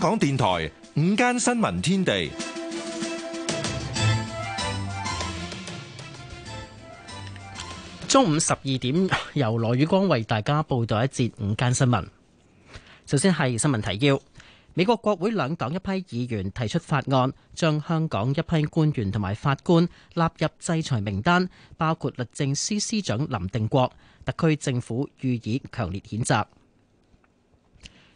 香港電台午間新聞天地，中午十二點由羅宇光為大家報道一節午間新聞。首先係新聞提要：美國國會兩黨一批議員提出法案，將香港一批官員同埋法官納入制裁名單，包括律政司司長林定國，特區政府予以強烈譴責。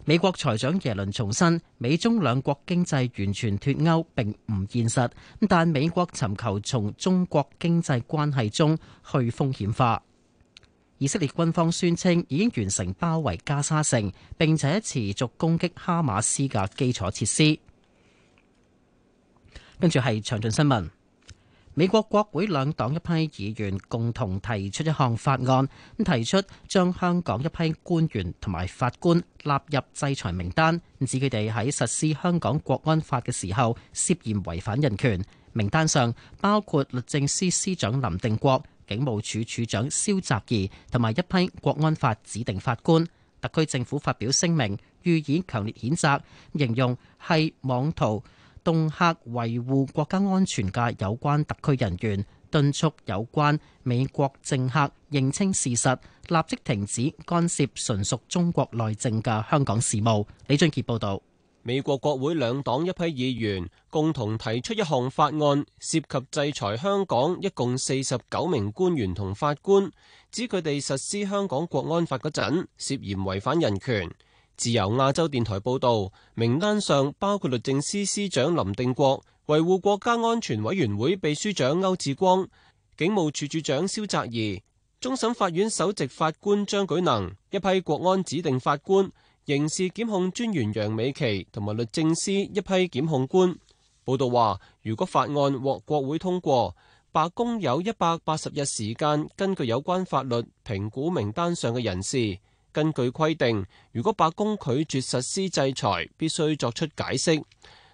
美國財長耶倫重申，美中兩國經濟完全脱鈎並唔現實。但美國尋求從中國經濟關係中去風險化。以色列軍方宣稱已經完成包圍加沙城，並且持續攻擊哈馬斯嘅基礎設施。跟住係詳盡新聞。美國國會兩黨一批議員共同提出一項法案，提出將香港一批官員同埋法官納入制裁名單，指佢哋喺實施香港國安法嘅時候涉嫌違反人權。名單上包括律政司司長林定國、警務處處長蕭澤頤同埋一批國安法指定法官。特區政府發表聲明，予以強烈譴責，形容係妄圖恫嚇維護國家安全嘅有關特區人員，敦促有關美國政客認清事實，立即停止干涉純屬中國內政嘅香港事務。李俊杰報道，美國國會兩黨一批議員共同提出一項法案，涉及制裁香港一共四十九名官員同法官，指佢哋實施香港國安法嗰陣涉嫌違反人權。自由亞洲電台報道，名單上包括律政司司長林定國、維護國家安全委員會秘書長歐志光、警務處處長蕭澤頤、終審法院首席法官張舉能、一批國安指定法官、刑事檢控專員楊美琪同埋律政司一批檢控官。報道話，如果法案獲國會通過，白宮有一百八十日時間，根據有關法律評估名單上嘅人士。根據規定，如果白宮拒絕實施制裁，必須作出解釋。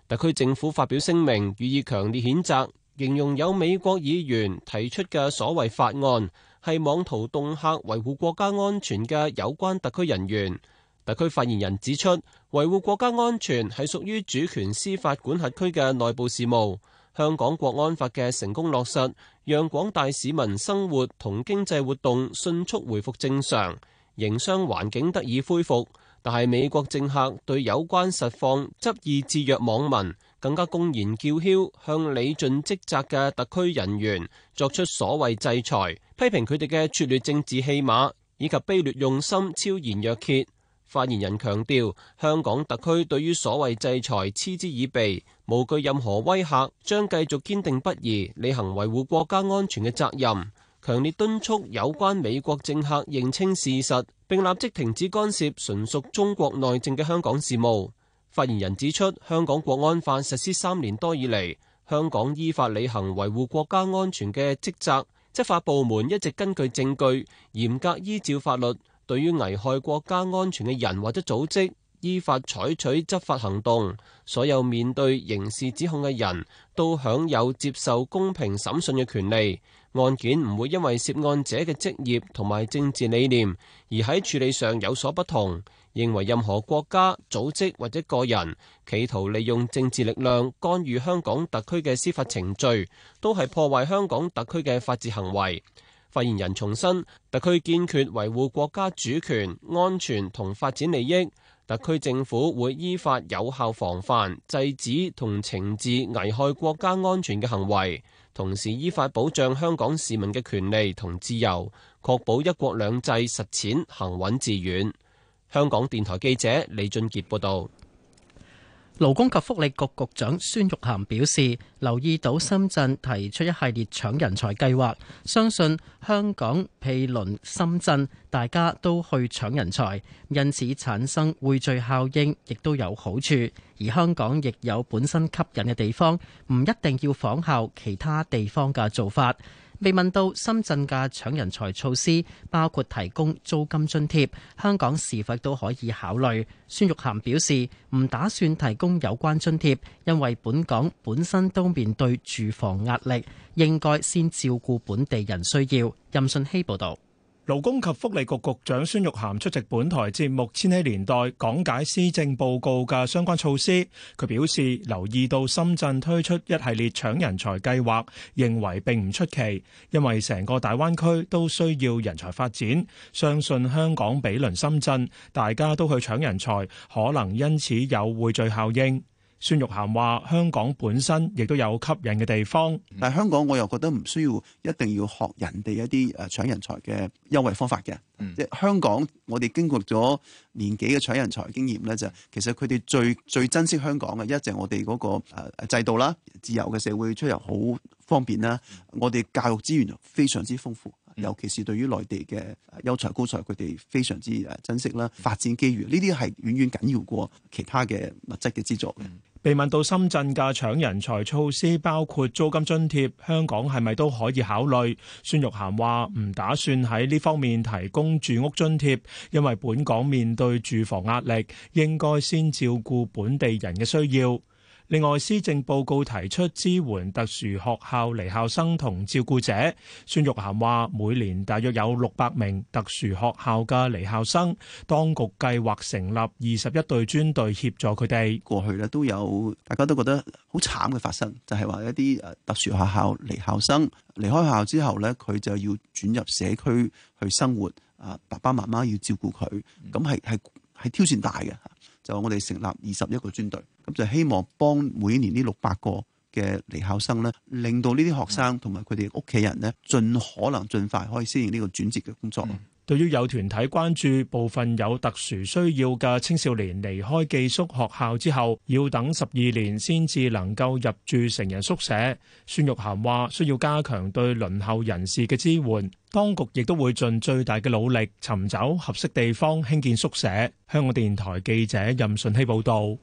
特區政府發表聲明，予以強烈譴責，形容有美國議員提出嘅所謂法案，係妄圖動客維護國家安全嘅有關特區人員。特區發言人指出，維護國家安全係屬於主權司法管轄區嘅內部事務。香港國安法嘅成功落實，讓廣大市民生活同經濟活動迅速回復正常。營商環境得以恢復，但係美國政客對有關實況執意制約網民，更加公然叫囂，向理盡職責嘅特區人員作出所謂制裁，批評佢哋嘅拙劣政治戲碼以及卑劣用心，昭然若揭。發言人強調，香港特區對於所謂制裁嗤之以鼻，無懼任何威嚇，將繼續堅定不移履行維護國家安全嘅責任。強烈敦促有關美國政客認清事實，並立即停止干涉純屬中國內政嘅香港事務。發言人指出，香港國安法實施三年多以來，香港依法履行維護國家安全嘅職責，執法部門一直根據證據，嚴格依照法律，對於危害國家安全嘅人或者組織，依法採取執法行動。所有面對刑事指控嘅人都享有接受公平審訊嘅權利。案件唔會因為涉案者嘅職業同埋政治理念而喺處理上有所不同，認為任何國家、組織或者個人企圖利用政治力量干預香港特區嘅司法程序，都係破壞香港特區嘅法治行為。發言人重申，特區堅決維護國家主權、安全同發展利益，特區政府會依法有效防範、制止同懲治危害國家安全嘅行為。同時依法保障香港市民嘅權利同自由，確保一國兩制實踐行穩致遠。香港電台記者李俊傑報導。勞工及福利局局長孫玉菡表示，留意到深圳提出一系列搶人才計劃，相信香港毗鄰深圳，大家都去搶人才，因此產生匯聚效應，亦都有好處。而香港亦有本身吸引嘅地方，唔一定要仿效其他地方嘅做法。被問到深圳嘅搶人才措施，包括提供租金津貼，香港是否都可以考慮？孫玉菡表示唔打算提供有關津貼，因為本港本身都面對住房壓力，應該先照顧本地人需要。任信希報道。勞工及福利局局長孫玉菡出席本台節目《千禧年代》，講解施政報告嘅相關措施。佢表示留意到深圳推出一系列搶人才計劃，認為並唔出奇，因為成個大灣區都需要人才發展。相信香港毗鄰深圳，大家都去搶人才，可能因此有匯聚效應。孫玉菡話：香港本身亦都有吸引嘅地方，但係香港我又覺得唔需要一定要學人哋一啲誒搶人才嘅優惠方法嘅。即係、嗯、香港，我哋經過咗年幾嘅搶人才經驗咧，就其實佢哋最最珍惜香港嘅，一就係我哋嗰個誒制度啦，自由嘅社會出遊好方便啦，我哋教育資源非常之豐富。尤其是對於內地嘅優才高才，佢哋非常之誒珍惜啦，發展機遇呢啲係遠遠緊要過其他嘅物質嘅資助。嗯。被問到深圳嘅搶人才措施包括租金津貼，香港係咪都可以考慮？孫玉菡話唔打算喺呢方面提供住屋津貼，因為本港面對住房壓力，應該先照顧本地人嘅需要。另外，施政報告提出支援特殊學校離校生同照顧者。孫玉菡話：每年大約有六百名特殊學校嘅離校生，當局計劃成立二十一隊專隊協助佢哋。過去咧都有，大家都覺得好慘嘅發生，就係話一啲特殊學校離校生離開校之後咧，佢就要轉入社區去生活，啊，爸爸媽媽要照顧佢，咁係係挑戰大嘅。就我哋成立二十一個專隊。咁就希望幫每年呢六百個嘅離校生咧，令到呢啲學生同埋佢哋屋企人咧，盡可能盡快可以適應呢個轉折嘅工作。嗯、對於有團體關注部分有特殊需要嘅青少年離開寄宿學校之後要等十二年先至能夠入住成人宿舍，孫玉嫻話需要加強對輪候人士嘅支援，當局亦都會盡最大嘅努力尋找合適地方興建宿舍。香港電台記者任順希報道。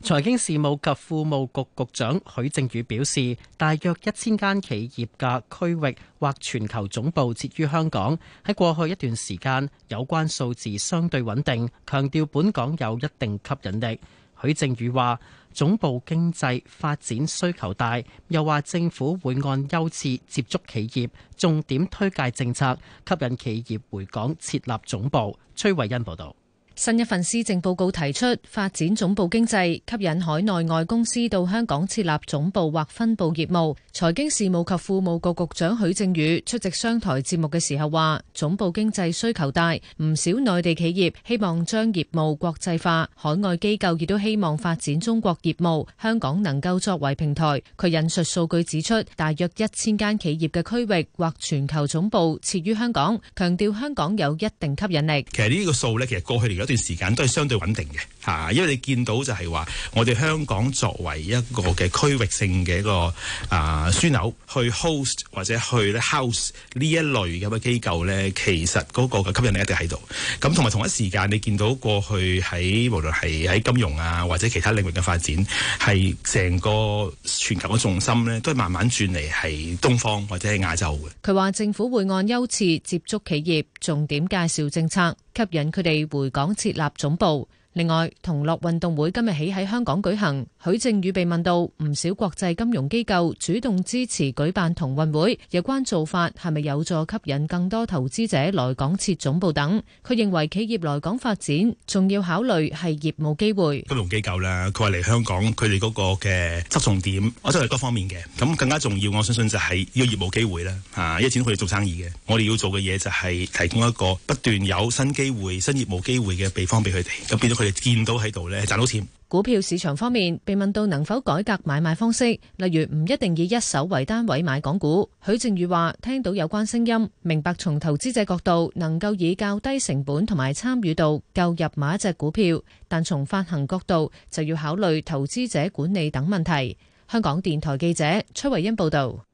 財經事務及庫務局局長許正宇表示，大約一千間企業嘅區域或全球總部設於香港，喺過去一段時間有關數字相對穩定，強調本港有一定吸引力。許正宇話，總部經濟發展需求大，又話政府會按優次接觸企業，重點推介政策，吸引企業回港設立總部。崔慧欣報道。新一份施政報告提出發展總部經濟，吸引海內外公司到香港設立總部或分部業務。財經事務及庫務局局長許正宇出席商台節目嘅時候話：總部經濟需求大，唔少內地企業希望將業務國際化，海外機構亦都希望發展中國業務，香港能夠作為平台。佢引述數據指出，大約一千間企業嘅區域或全球總部設於香港，強調香港有一定吸引力。其實呢個數咧，其實過去段時間都係相對穩定嘅吓，因為你見到就係話，我哋香港作為一個嘅區域性嘅一個啊樞紐，去 host 或者去 house 呢一類咁嘅機構呢，其實嗰個嘅吸引力一定喺度。咁同埋同一時間，你見到過去喺無論係喺金融啊或者其他領域嘅發展，係成個全球嘅重心呢都係慢慢轉嚟係東方或者係亞洲嘅。佢話政府會按優次接觸企業，重點介紹政策。吸引佢哋回港設立總部。另外，同樂運動會今日起喺香港舉行。許正宇被問到，唔少國際金融機構主動支持舉辦同運會，有關做法係咪有助吸引更多投資者來港設總部等？佢認為企業來港發展，重要考慮係業務機會。金融機構啦，佢話嚟香港，佢哋嗰個嘅側重點，我真係各方面嘅。咁更加重要，我相信就係呢個業務機會啦。啊，依啲錢可以做生意嘅。我哋要做嘅嘢就係提供一個不斷有新機會、新業務機會嘅地方俾佢哋。咁變咗佢。見到喺度呢，賺到錢。股票市場方面，被問到能否改革買賣方式，例如唔一定以一手為單位買港股。許正宇話：聽到有關聲音，明白從投資者角度，能夠以較低成本同埋參與度購入某一隻股票，但從發行角度就要考慮投資者管理等問題。香港電台記者崔慧恩報道。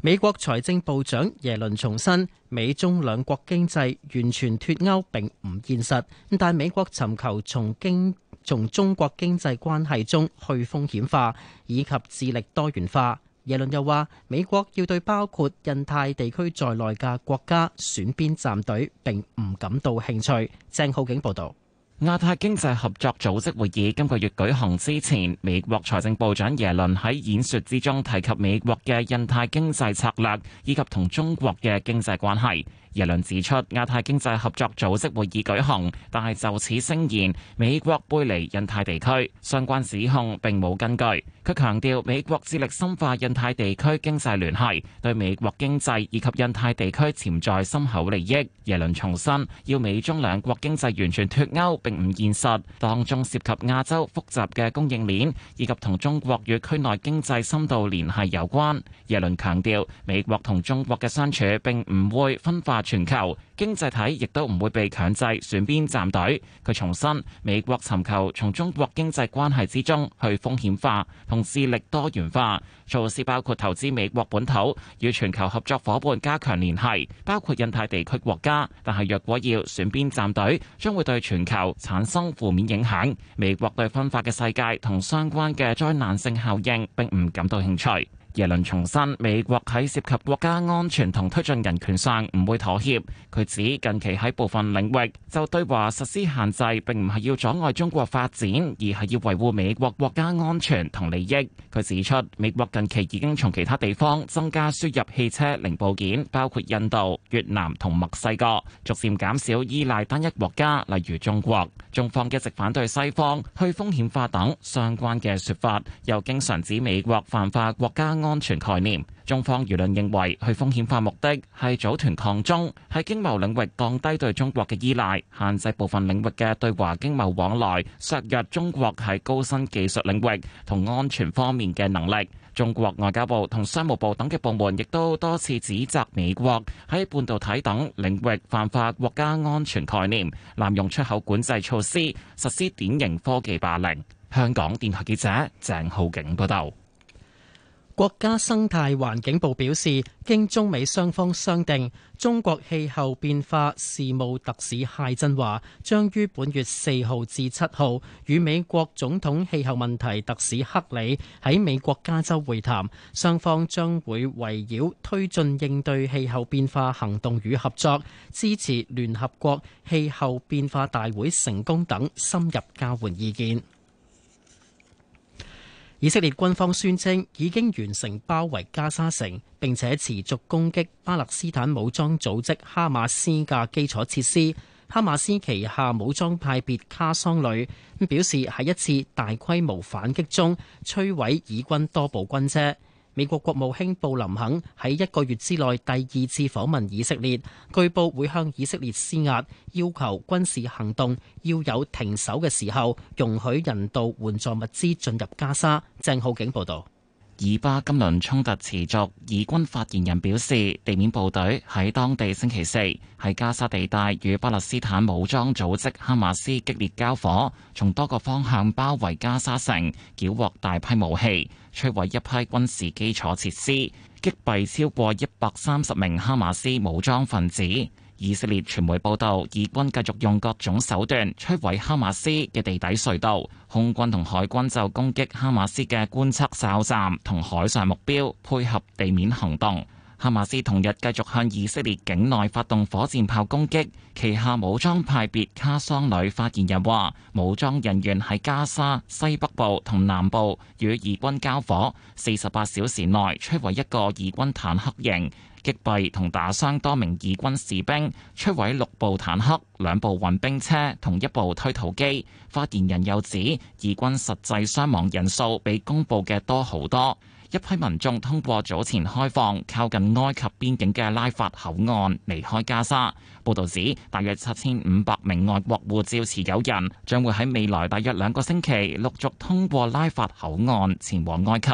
美國財政部長耶倫重申，美中兩國經濟完全脱歐並唔現實。但美國尋求從經從中國經濟關係中去風險化以及致力多元化。耶倫又話，美國要對包括印太地區在內嘅國家選邊站隊並唔感到興趣。鄭浩景報導。亞太經濟合作組織會議今個月舉行之前，美國財政部長耶倫喺演說之中提及美國嘅印太經濟策略，以及同中國嘅經濟關係。耶倫指出，亞太經濟合作組織會議舉行，但係就此聲言美國背離印太地區相關指控，並冇根據。佢強調，美國致力深化印太地區經濟聯繫，對美國經濟以及印太地區潛在深厚利益。耶倫重申，要美中兩國經濟完全脫鈎並唔現實，當中涉及亞洲複雜嘅供應鏈，以及同中國與區內經濟深度聯繫有關。耶倫強調，美國同中國嘅相處並唔會分化。全球經濟體亦都唔會被強制選邊站隊。佢重申，美國尋求從中國經濟關係之中去風險化同智力多元化，措施包括投資美國本土與全球合作伙伴加強聯繫，包括印太地區國家。但係，若果要選邊站隊，將會對全球產生負面影響。美國對分化嘅世界同相關嘅災難性效應並唔感到興趣。耶倫重申，美國喺涉及國家安全同推進人權上唔會妥協。佢指近期喺部分領域就對華實施限制，並唔係要阻礙中國發展，而係要維護美國國家安全同利益。佢指出，美國近期已經從其他地方增加輸入汽車零部件，包括印度、越南同墨西哥，逐漸減少依賴單一國家，例如中國。中方一直反對西方去風險化等相關嘅説法，又經常指美國泛化國家。安全概念，中方輿論認為，去風險化目的係組團抗中，喺經貿領域降低對中國嘅依賴，限制部分領域嘅對華經貿往來，削弱中國喺高新技術領域同安全方面嘅能力。中國外交部同商務部等嘅部門亦都多次指責美國喺半導體等領域泛化國家安全概念，濫用出口管制措施，實施典型科技霸凌。香港電台記者鄭浩景報道。國家生態環境部表示，經中美雙方商定，中國氣候變化事務特使解振華將於本月四號至七號與美國總統氣候問題特使克里喺美國加州會談，雙方將會圍繞推進應對氣候變化行動與合作、支持聯合國氣候變化大會成功等深入交換意見。以色列軍方宣稱已經完成包圍加沙城，並且持續攻擊巴勒斯坦武裝組織哈馬斯嘅基礎設施。哈馬斯旗下武裝派別卡桑旅表示，喺一次大規模反擊中摧毀以軍多部軍車。美國國務卿布林肯喺一個月之內第二次訪問以色列，據報會向以色列施壓，要求軍事行動要有停手嘅時候，容許人道援助物資進入加沙。鄭浩景報道。以巴今輪衝突持續，以軍發言人表示，地面部隊喺當地星期四喺加沙地帶與巴勒斯坦武裝組織哈馬斯激烈交火，從多個方向包圍加沙城，繳獲大批武器，摧毀一批軍事基礎設施，擊斃超過一百三十名哈馬斯武裝分子。以色列傳媒報道，以軍繼續用各種手段摧毀哈馬斯嘅地底隧道，空軍同海軍就攻擊哈馬斯嘅觀測哨站同海上目標，配合地面行動。哈馬斯同日繼續向以色列境內發動火箭炮攻擊。旗下武裝派別卡桑旅發言人話，武裝人員喺加沙西北部同南部與以軍交火，四十八小時內摧毀一個以軍坦克營。擊斃同打傷多名義軍士兵，摧毀六部坦克、兩部運兵車同一部推土機。發言人又指，義軍實際傷亡人數比公佈嘅多好多。一批民眾通過早前開放靠近埃及邊境嘅拉法口岸離開加沙。報導指，大約七千五百名外國護照持有人將會喺未來大約兩個星期，陸續通過拉法口岸前往埃及。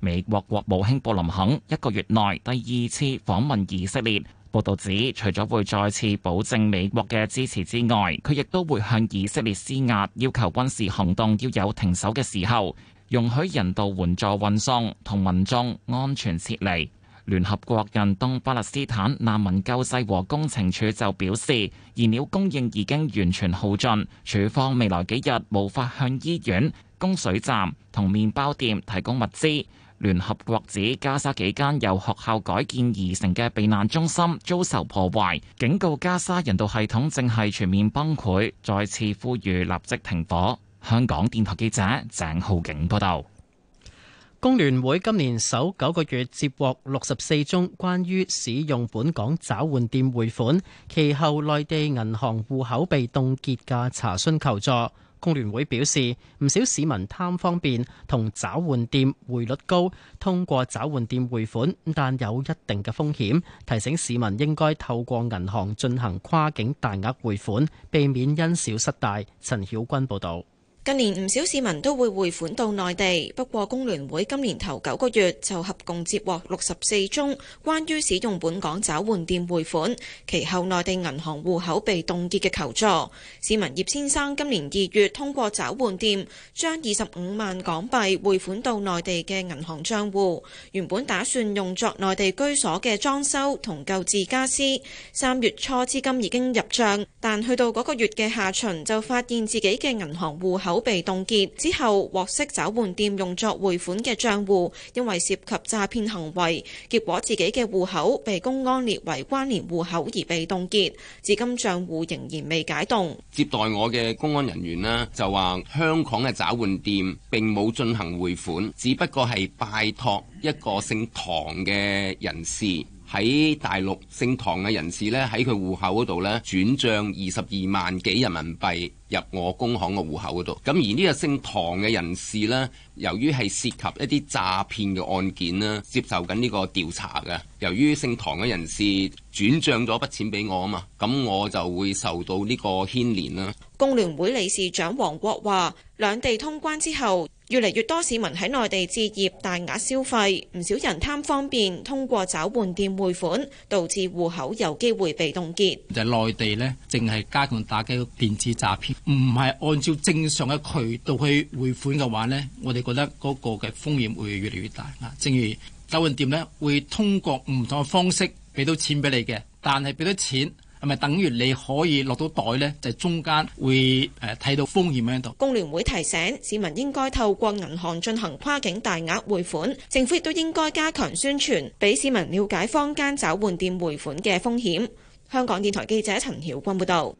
美國國務卿布林肯一個月內第二次訪問以色列。報導指，除咗會再次保證美國嘅支持之外，佢亦都會向以色列施壓，要求軍事行動要有停手嘅時候。容許人道援助運送同民眾安全撤離。聯合國近東巴勒斯坦難民救濟和工程處就表示，燃料供應已經完全耗盡，處方未來幾日無法向醫院、供水站同麵包店提供物資。聯合國指加沙幾間由學校改建而成嘅避難中心遭受破壞，警告加沙人道系統正係全面崩潰，再次呼籲立即停火。香港電台記者鄭浩景報道，工聯會今年首九個月接獲六十四宗關於使用本港找換店匯款，其後內地銀行戶口被凍結嘅查詢求助。工聯會表示，唔少市民貪方便同找換店匯率高，通過找換店匯款，但有一定嘅風險，提醒市民應該透過銀行進行跨境大額匯款，避免因小失大。陳曉君報道。近年唔少市民都會匯款到內地，不過工聯會今年頭九個月就合共接獲六十四宗關於使用本港找換店匯款，其後內地銀行戶口被凍結嘅求助。市民葉先生今年二月通過找換店將二十五萬港幣匯款到內地嘅銀行帳戶，原本打算用作內地居所嘅裝修同購置家私。三月初資金已經入帳，但去到嗰個月嘅下旬就發現自己嘅銀行戶口被凍結之後，獲悉找換店用作匯款嘅賬戶，因為涉及詐騙行為，結果自己嘅戶口被公安列為關聯戶口而被凍結，至今賬戶仍然未解凍。接待我嘅公安人員呢，就話香港嘅找換店並冇進行匯款，只不過係拜託一個姓唐嘅人士。喺大陸姓唐嘅人士咧，喺佢戶口嗰度咧轉帳二十二萬幾人民幣入我工行嘅戶口嗰度。咁而呢個姓唐嘅人士呢，由於係涉及一啲詐騙嘅案件啦，接受緊呢個調查嘅。由於姓唐嘅人士轉帳咗筆錢俾我啊嘛，咁我就會受到呢個牽連啦。工聯會理事長黃國話，兩地通關之後，越嚟越多市民喺內地置業，大額消費，唔少人貪方便，通過找換店匯款，導致戶口有機會被凍結。就係內地呢，淨係加強打擊電子詐騙，唔係按照正常嘅渠道去匯款嘅話呢，我哋覺得嗰個嘅風險會越嚟越大。嗱，正如找換店呢，會通過唔同嘅方式俾到錢俾你嘅，但係俾到錢。係咪等於你可以落到袋呢？就係中間會，誒，睇到風險喺度。工聯會提醒市民應該透過銀行進行跨境大額匯款，政府亦都應該加強宣傳，俾市民了解坊間找換店匯款嘅風險。香港電台記者陳曉君報道。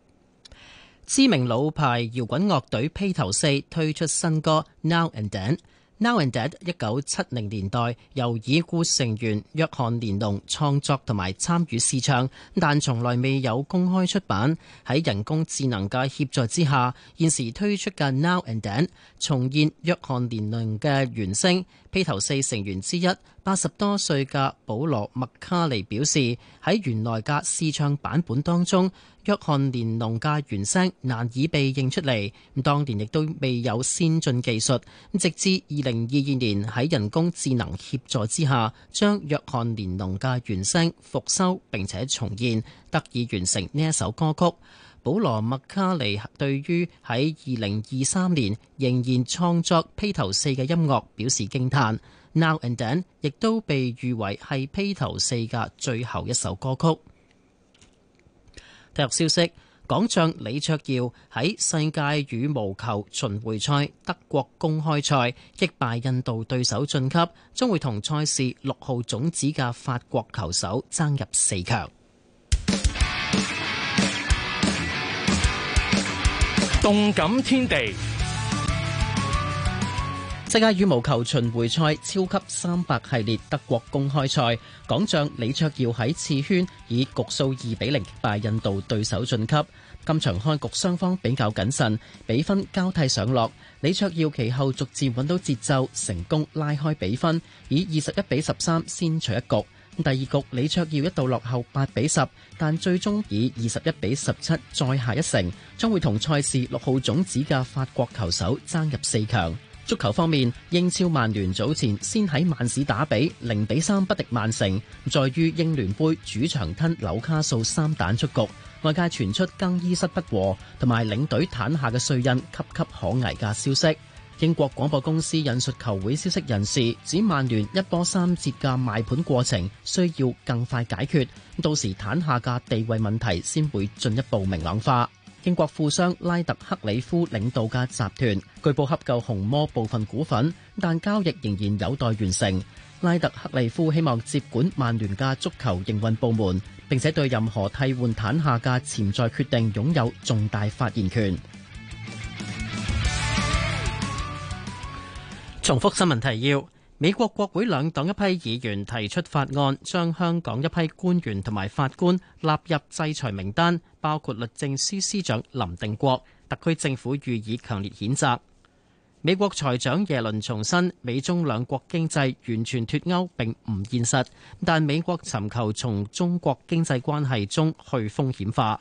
知名老牌搖滾樂隊披頭四推出新歌 Now and Then。Now and Then 一九七零年代，由已故成員約翰連龍創作同埋參與試唱，但從來未有公開出版。喺人工智能嘅協助之下，現時推出嘅 Now and Then 重現約翰連龍嘅原聲。披頭四成員之一八十多歲嘅保羅麥卡尼表示，喺原來嘅試唱版本當中，約翰連儂嘅原聲難以被認出嚟。咁當年亦都未有先進技術，直至二零二二年喺人工智能協助之下，將約翰連儂嘅原聲復修並且重現，得以完成呢一首歌曲。保羅·麥卡尼對於喺二零二三年仍然創作《披頭四》嘅音樂表示驚歎，《Now and Then》亦都被譽為係《披頭四》嘅最後一首歌曲。體育消息：港將李卓耀喺世界羽毛球巡迴賽德國公開賽擊敗印度對手晉級，將會同賽事六號種子嘅法國球手爭入四強。動感天地，世界羽毛球巡回賽超級三百系列德國公開賽，港將李卓耀喺次圈以局數二比零擊敗印度對手晉級。今場開局雙方比較謹慎，比分交替上落。李卓耀其後逐漸搵到節奏，成功拉開比分，以二十一比十三先取一局。第二局李卓耀一度落後八比十，但最終以二十一比十七再下一城，將會同賽事六號種子嘅法國球手爭入四強。足球方面，英超曼聯早前先喺曼市打比零比三不敵曼城，再於英聯杯主場吞紐卡素三蛋出局，外界傳出更衣室不和同埋領隊坦下嘅帥印岌岌可危嘅消息。英國廣播公司引述球會消息人士指，曼聯一波三折嘅賣盤過程需要更快解決，到時坦下嘅地位問題先會進一步明朗化。英國富商拉特克里夫領導嘅集團據報洽購紅魔部分股份，但交易仍然有待完成。拉特克里夫希望接管曼聯嘅足球營運部門，並且對任何替換坦下嘅潛在決定擁有重大發言權。重複新聞提要：美國國會兩黨一批議員提出法案，將香港一批官員同埋法官納入制裁名單，包括律政司司長林定國。特區政府予以強烈譴責。美國財長耶倫重申，美中兩國經濟完全脱鈎並唔現實，但美國尋求從中國經濟關係中去風險化。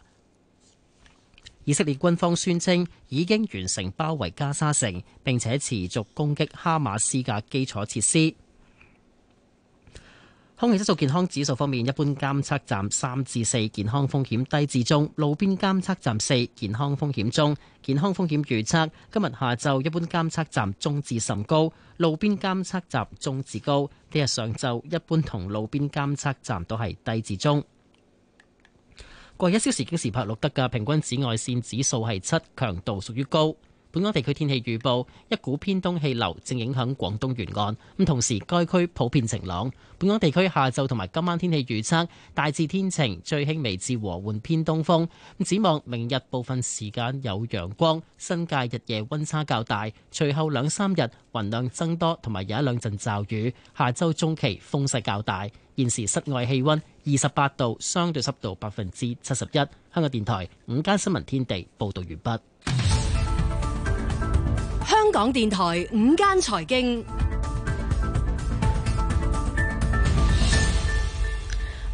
以色列軍方宣稱已經完成包圍加沙城，並且持續攻擊哈馬斯嘅基礎設施。空氣質素健康指數方面，一般監測站三至四，健康風險低至中；路邊監測站四，健康風險中。健康風險預測今日下晝一般監測站中至甚高，路邊監測站中至高。聽日上晝一般同路邊監測站都係低至中。為一小時京士柏錄得嘅平均紫外線指數係七，強度屬於高。本港地區天氣預報，一股偏東氣流正影響廣東沿岸，咁同時該區普遍晴朗。本港地區下晝同埋今晚天氣預測大致天晴，最輕微至和緩偏東風。咁展望明日部分時間有陽光，新界日夜溫差較大。隨後兩三日雲量增多，同埋有一兩陣驟雨。下周中期風勢較大。現時室外氣溫二十八度，相對濕度百分之七十一。香港電台午間新聞天地報道完畢。香港電台午間財經，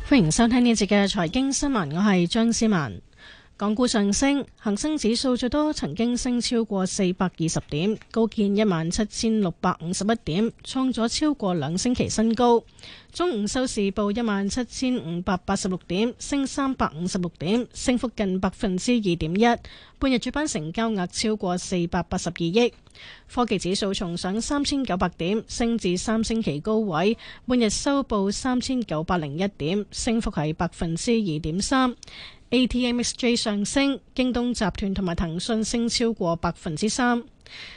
歡迎收聽呢節嘅財經新聞，我係張思文。港股上升，恒生指數最多曾經升超過四百二十點，高見一萬七千六百五十一點，創咗超過兩星期新高。中午收市報一萬七千五百八十六點，升三百五十六點，升幅近百分之二點一。半日主板成交額超過四百八十二億。科技指數重上三千九百點，升至三星期高位。半日收報三千九百零一點，升幅係百分之二點三。ATMXJ 上升，京東集團同埋騰訊升超過百分之三。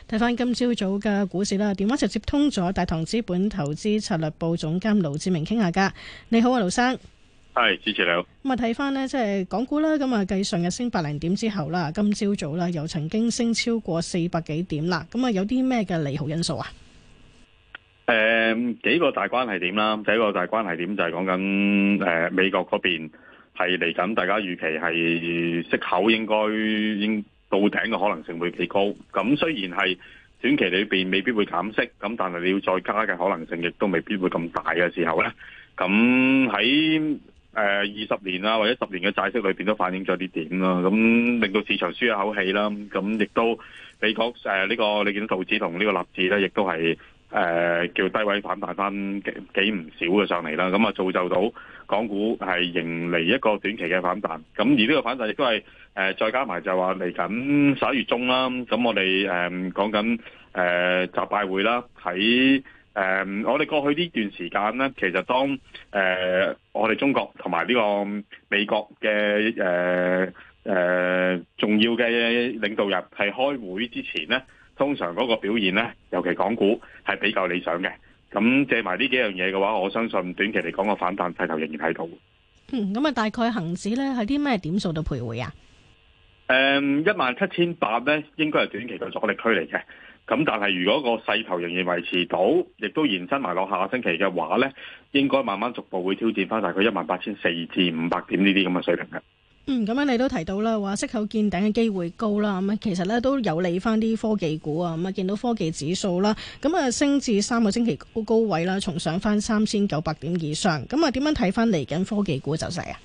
睇翻今朝早嘅股市啦，電話就接通咗大唐資本投資策略部總監盧志明傾下偈。你好啊，盧生，係主持你好。咁啊睇翻呢，即係港股啦。咁啊，繼上日升百零點之後啦，今朝早啦又曾經升超過四百幾點啦。咁啊，有啲咩嘅利好因素啊？誒，幾個大關係點啦。第一個大關係點就係講緊誒美國嗰邊。係嚟緊，大家預期係息口應該應到頂嘅可能性會幾高。咁雖然係短期裏邊未必會減息，咁但係你要再加嘅可能性亦都未必會咁大嘅時候咧。咁喺誒二十年啊或者十年嘅債息裏邊都反映咗啲點啦。咁令到市場舒一口氣啦。咁亦都美國誒呢個你見到道指同呢個納指咧，亦都係。誒、呃、叫低位反彈翻幾幾唔少嘅上嚟啦，咁啊造就到港股係迎嚟一個短期嘅反彈。咁而呢個反彈亦都係誒、呃、再加埋就係話嚟緊十一月中啦。咁我哋誒、呃、講緊誒習拜會啦，喺誒、呃、我哋過去呢段時間咧，其實當誒、呃、我哋中國同埋呢個美國嘅誒誒重要嘅領導人係開會之前咧。通常嗰個表現咧，尤其港股係比較理想嘅。咁借埋呢幾樣嘢嘅話，我相信短期嚟講個反彈勢頭仍然喺度。嗯，咁啊，大概恒指咧係啲咩點數度徘徊啊？誒，一萬七千八咧，應該係短期嘅阻力區嚟嘅。咁但係如果個勢頭仍然維持到，亦都延伸埋落下個星期嘅話咧，應該慢慢逐步會挑戰翻大概一萬八千四至五百點呢啲咁嘅水平嘅。嗯，咁樣你都提到啦，話息口見頂嘅機會高啦，咁啊其實咧都有利翻啲科技股啊，咁啊見到科技指數啦，咁、嗯、啊升至三個星期高高位啦，重上翻三千九百點以上，咁啊點樣睇翻嚟緊科技股走勢啊？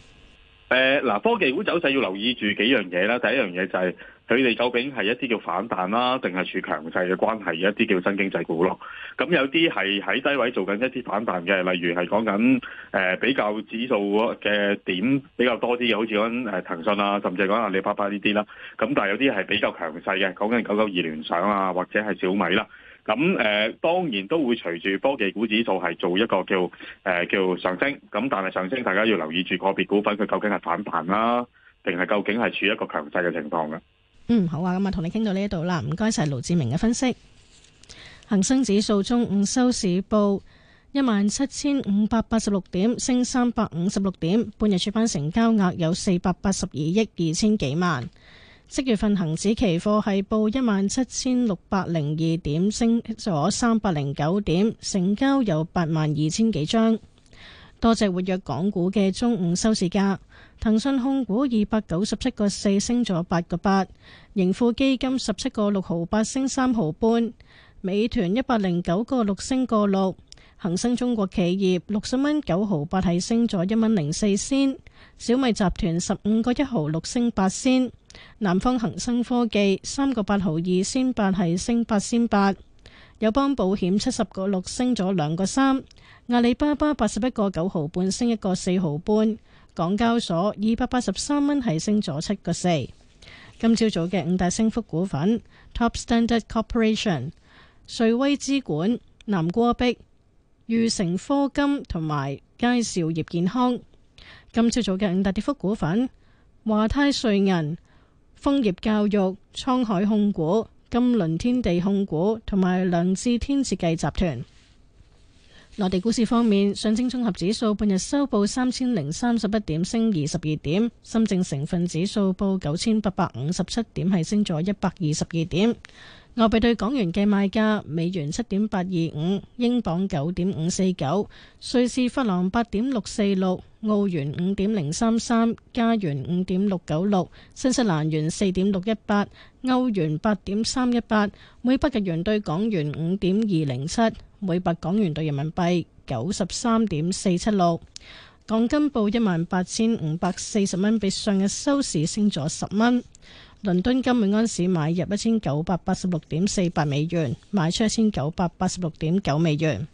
誒，嗱、呃、科技股走勢要留意住幾樣嘢啦。第一樣嘢就係佢哋究竟係一啲叫反彈啦，定係處強勢嘅關係一啲叫新經濟股咯。咁、嗯、有啲係喺低位做緊一啲反彈嘅，例如係講緊誒比較指數嘅點比較多啲嘅，好似講誒騰訊啊，甚至係講阿里巴巴呢啲啦。咁、嗯、但係有啲係比較強勢嘅，講緊九九二聯想啊，或者係小米啦。咁誒、嗯呃、當然都會隨住科技股指數係做一個叫誒、呃、叫上升，咁但係上升大家要留意住個別股份佢究竟係反彈啦、啊，定係究竟係處於一個強勢嘅情況嘅、啊。嗯，好啊，咁啊同你傾到呢度啦，唔該晒，盧志明嘅分析。恒生指數中午收市報一萬七千五百八十六點，升三百五十六點，半日主板成交額有四百八十二億二千幾萬。即月份恒指期貨係報一萬七千六百零二點，升咗三百零九點，成交有八萬二千幾張。多隻活躍港股嘅中午收市價，騰訊控股二百九十七個四升咗八個八，盈富基金十七個六毫八升三毫半，美團一百零九個六升個六，恒生中國企業六十蚊九毫八係升咗一蚊零四仙，小米集團十五個一毫六升八仙。南方恒生科技三個八毫二先八係升八先八，友邦保險七十個六升咗兩個三，阿里巴巴八十一個九毫半升一個四毫半，港交所二百八十三蚊係升咗七個四。今朝早嘅五大升幅股份：Top Standard Corporation、瑞威資管、南郭壁、裕成科金同埋佳兆業健康。今朝早嘅五大跌幅股份：華泰瑞銀。楓葉教育、滄海控股、金輪天地控股同埋良知天設計集團。內地股市方面，上證綜合指數半日收報三千零三十一點，升二十二點；深證成分指數報九千八百五十七點，係升咗一百二十二點。外幣兌港元嘅賣價：美元七點八二五，英鎊九點五四九，瑞士法郎八點六四六。澳元五點零三三，加元五點六九六，新西蘭元四點六一八，歐元八點三一八，每百日元對港元五點二零七，每百港元對人民幣九十三點四七六。港金報一萬八千五百四十蚊，比上日收市升咗十蚊。倫敦金每盎司買入一千九百八十六點四八美元，賣出一千九百八十六點九美元。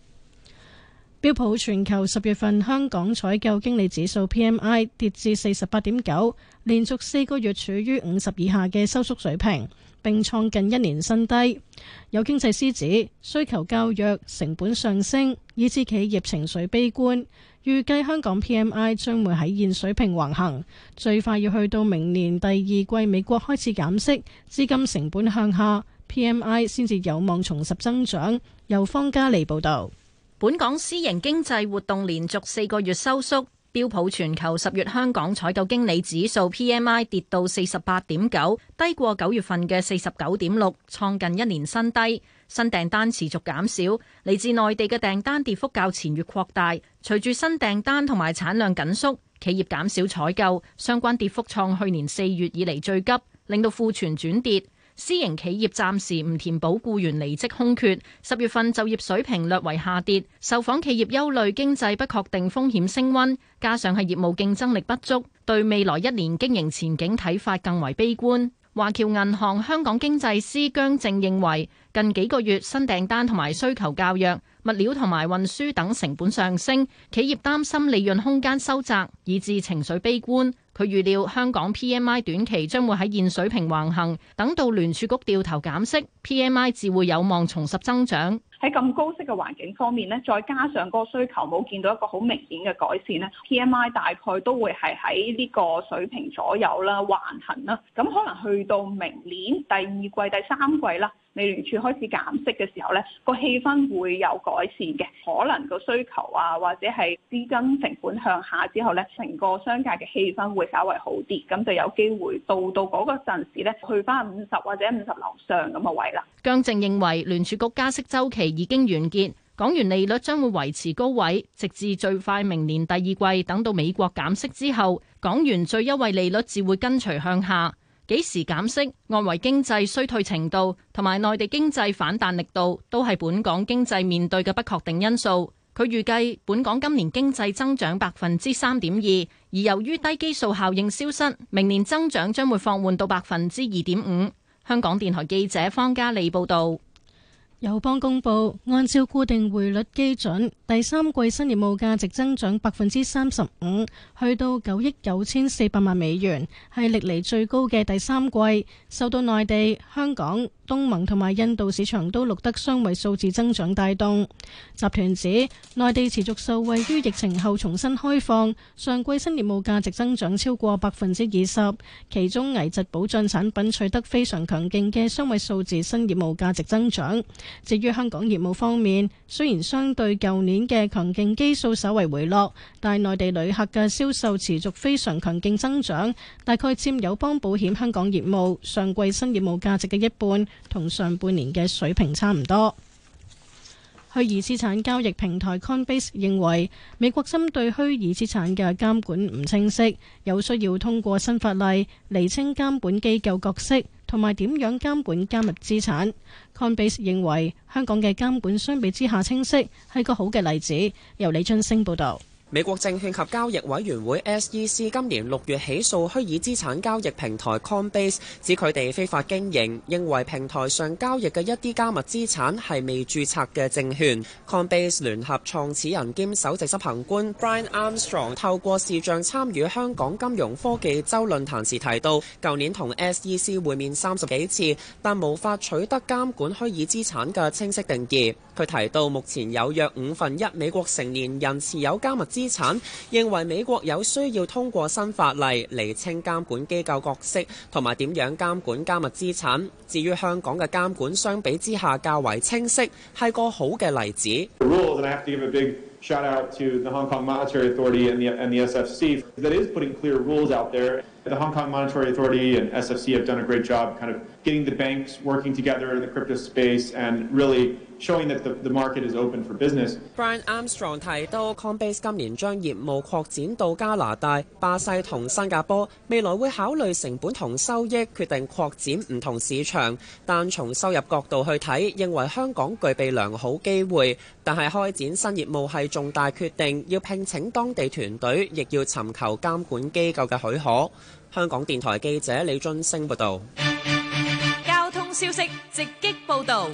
標普全球十月份香港採購經理指數 PMI 跌至四十八點九，連續四個月處於五十以下嘅收縮水平，並創近一年新低。有經濟師指需求較弱、成本上升，以至企業情緒悲觀。預計香港 PMI 將會喺現水平橫行，最快要去到明年第二季美國開始減息，資金成本向下，PMI 先至有望重拾增長。由方嘉利報道。本港私營經濟活動連續四個月收縮，標普全球十月香港採購經理指數 （PMI） 跌到四十八點九，低過九月份嘅四十九點六，創近一年新低。新訂單持續減少，嚟自內地嘅訂單跌幅較前月擴大。隨住新訂單同埋產量緊縮，企業減少採購，相關跌幅創去年四月以嚟最急，令到庫存轉跌。私營企業暫時唔填補雇員離職空缺，十月份就業水平略為下跌。受訪企業憂慮經濟不確定風險升温，加上係業務競爭力不足，對未來一年經營前景睇法更為悲觀。華僑銀行香港經濟師姜正認為，近幾個月新訂單同埋需求較弱，物料同埋運輸等成本上升，企業擔心利潤空間收窄，以致情緒悲觀。佢預料香港 PMI 短期將會喺現水平橫行，等到聯儲局掉頭減息，PMI 自會有望重拾增長。喺咁高息嘅環境方面呢，再加上個需求冇見到一個好明顯嘅改善咧，PMI 大概都會係喺呢個水平左右啦，橫行啦。咁可能去到明年第二季、第三季啦。美聯儲開始減息嘅時候，呢個氣氛會有改善嘅，可能個需求啊，或者係資金成本向下之後呢，呢成個商界嘅氣氛會稍微好啲，咁就有機會到到嗰個陣時咧，去翻五十或者五十樓上咁嘅位啦。姜正認為聯儲局加息周期已經完結，港元利率將會維持高位，直至最快明年第二季，等到美國減息之後，港元最優惠利率至會跟隨向下。幾時減息？外圍經濟衰退程度同埋內地經濟反彈力度，都係本港經濟面對嘅不確定因素。佢預計本港今年經濟增長百分之三點二，而由於低基數效應消失，明年增長將會放緩到百分之二點五。香港電台記者方嘉利報道。友邦公布，按照固定匯率基準，第三季新業務價值增長百分之三十五，去到九億九千四百萬美元，係歷嚟最高嘅第三季。受到內地、香港、東盟同埋印度市場都錄得雙位數字增長帶動。集團指內地持續受惠於疫情後重新開放，上季新業務價值增長超過百分之二十，其中危疾保障產品取得非常強勁嘅雙位數字新業務價值增長。至於香港業務方面，雖然相對舊年嘅強勁基數稍為回落，但內地旅客嘅銷售持續非常強勁增長，大概佔友邦保險香港業務上季新業務價值嘅一半。同上半年嘅水平差唔多。虛擬資產交易平台 Coinbase 認為，美國針對虛擬資產嘅監管唔清晰，有需要通過新法例釐清監管機構角色同埋點樣監管加密資產。Coinbase 認為香港嘅監管相比之下清晰，係個好嘅例子。由李津升報導。美國證券及交易委員會 SEC 今年六月起訴虛擬資產交易平台 Coinbase，指佢哋非法經營，認為平台上交易嘅一啲加密資產係未註冊嘅證券。Coinbase 聯合創始人兼首席執行官 Brian Armstrong 透過視像參與香港金融科技周論壇時提到，舊年同 SEC 會面三十幾次，但無法取得監管虛擬資產嘅清晰定義。佢提到目前有約五分一美國成年人持有加密資資產，認為美國有需要通過新法例釐清監管機構角色同埋點樣監管加密資產。至於香港嘅監管相比之下較為清晰，係個好嘅例子。Brian Armstrong 提到 Coinbase 今年將業務擴展到加拿大、巴西同新加坡，未來會考慮成本同收益決定擴展唔同市場。但從收入角度去睇，認為香港具備良好機會。但係開展新業務係重大決定，要聘請當地團隊，亦要尋求監管機構嘅許可。香港電台記者李津升報導。交通消息直擊報導。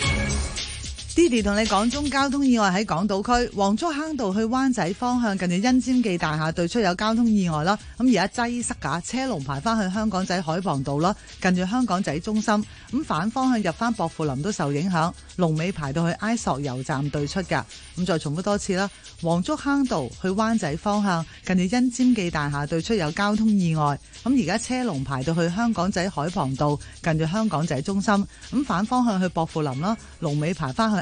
Didi 同你講，中交通意外喺港島區，黃竹坑道去灣仔方向近住恩尖記大廈對出有交通意外啦。咁而家擠塞架車龍排翻去香港仔海傍道啦，近住香港仔中心。咁反方向入翻薄扶林都受影響，龍尾排到去埃索油站對出噶。咁再重複多次啦，黃竹坑道去灣仔方向近住恩尖記大廈對出有交通意外。咁而家車龍排到去香港仔海傍道，近住香港仔中心。咁反方向去薄扶林啦，龍尾排翻去。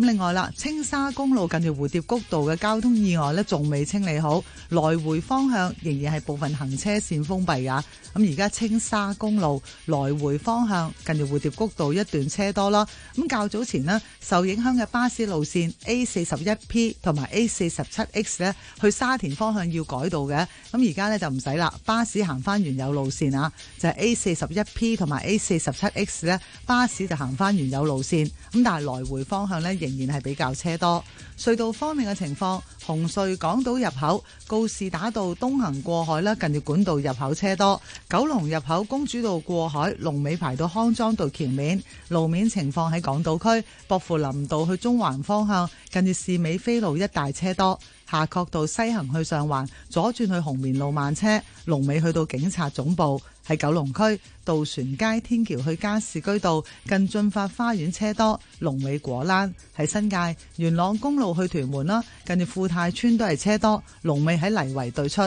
咁另外啦，青沙公路近住蝴蝶谷道嘅交通意外咧，仲未清理好，來回方向仍然係部分行車線封閉啊。咁而家青沙公路來回方向近住蝴蝶谷道一段車多啦。咁較早前咧，受影響嘅巴士路線 A 四十一 P 同埋 A 四十七 X 咧，去沙田方向要改道嘅。咁而家咧就唔使啦，巴士行翻原有路線啊，就係 A 四十一 P 同埋 A 四十七 X 咧，巴士就行翻原有路線。咁但係來回方向咧，仍仍然係比較車多。隧道方面嘅情況，紅隧港島入口告士打道東行過海啦，近住管道入口車多；九龍入口公主道過海龍尾排到康莊道橋面路面情況喺港島區薄扶林道去中環方向近住士美菲路一帶車多，夏慤道西行去上環左轉去紅棉路慢車龍尾去到警察總部。喺九龍區渡船街天橋去加士居道近駿發花園車多，龍尾果欄；喺新界元朗公路去屯門啦，近住富泰村都係車多，龍尾喺泥圍對出。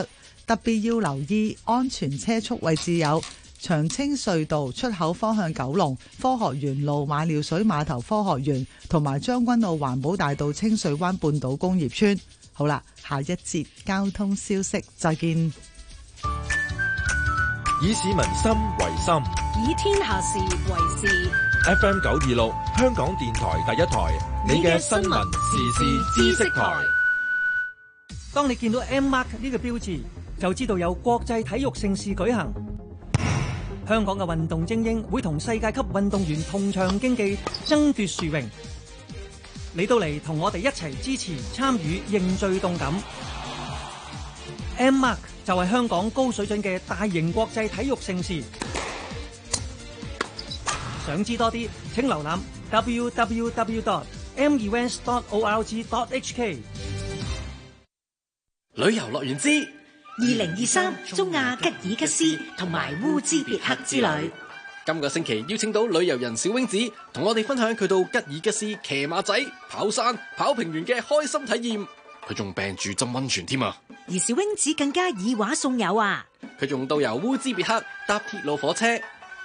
特別要留意安全車速位置有長青隧道出口方向九龍科學園路馬料水碼頭科學園同埋將軍澳環保大道清水灣半島工業村。好啦，下一節交通消息，再見。以市民心為心，以天下事為事。FM 九二六，香港電台第一台，你嘅新聞、時事治、知識台。當你見到 M Mark 呢個標誌，就知道有國際體育盛事舉行。香港嘅運動精英會同世界級運動員同場競技，爭奪殊榮。你到嚟同我哋一齊支持、參與、應最動感。M Mark 就係香港高水準嘅大型國際體育盛事，想知多啲，請瀏覽 www.mevents.org.hk。旅遊樂園之二零二三中亞吉爾吉斯同埋烏茲別克之旅，今個星期邀請到旅遊人小英子同我哋分享佢到吉爾吉斯騎馬仔、跑山、跑平原嘅開心體驗。佢仲病住浸溫泉添啊！而小英子更加以畫送友啊！佢用到由烏茲別克搭鐵路火車，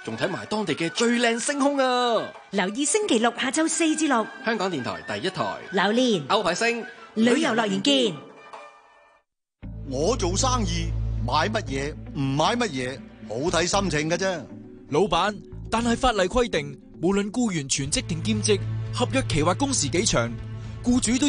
仲睇埋當地嘅最靚星空啊！留意星期六下晝四至六，香港電台第一台榴蓮歐排星旅遊樂園見。見我做生意買乜嘢唔買乜嘢，好睇心情嘅啫，老闆。但係法例規定，無論僱員全職定兼職，合約期或工時幾長，僱主都。